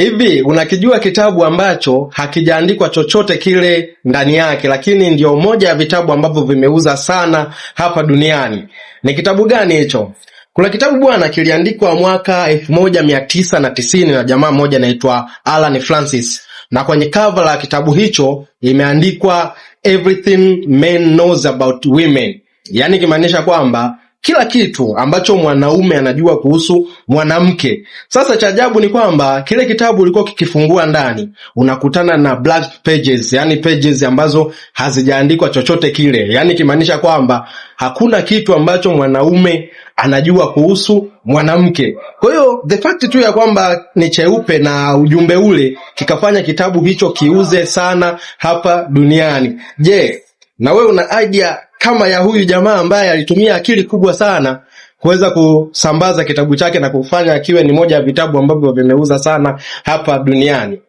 Hivi unakijua kitabu ambacho hakijaandikwa chochote kile ndani yake, lakini ndiyo moja ya vitabu ambavyo vimeuza sana hapa duniani? Ni kitabu gani hicho? Kuna kitabu bwana, kiliandikwa mwaka 1990 na na jamaa mmoja anaitwa Alan Francis, na kwenye cover la kitabu hicho imeandikwa everything men knows about women, yaani ikimaanisha kwamba kila kitu ambacho mwanaume anajua kuhusu mwanamke. Sasa cha ajabu ni kwamba kile kitabu ulikuwa kikifungua ndani unakutana na black pages, yani pages ambazo hazijaandikwa chochote kile, yani ikimaanisha kwamba hakuna kitu ambacho mwanaume anajua kuhusu mwanamke. Kwa hiyo the fact tu ya kwamba ni cheupe na ujumbe ule kikafanya kitabu hicho kiuze sana hapa duniani. Je, na wewe una idea kama ya huyu jamaa ambaye alitumia akili kubwa sana kuweza kusambaza kitabu chake na kufanya kiwe ni moja ya vitabu ambavyo vimeuza sana hapa duniani.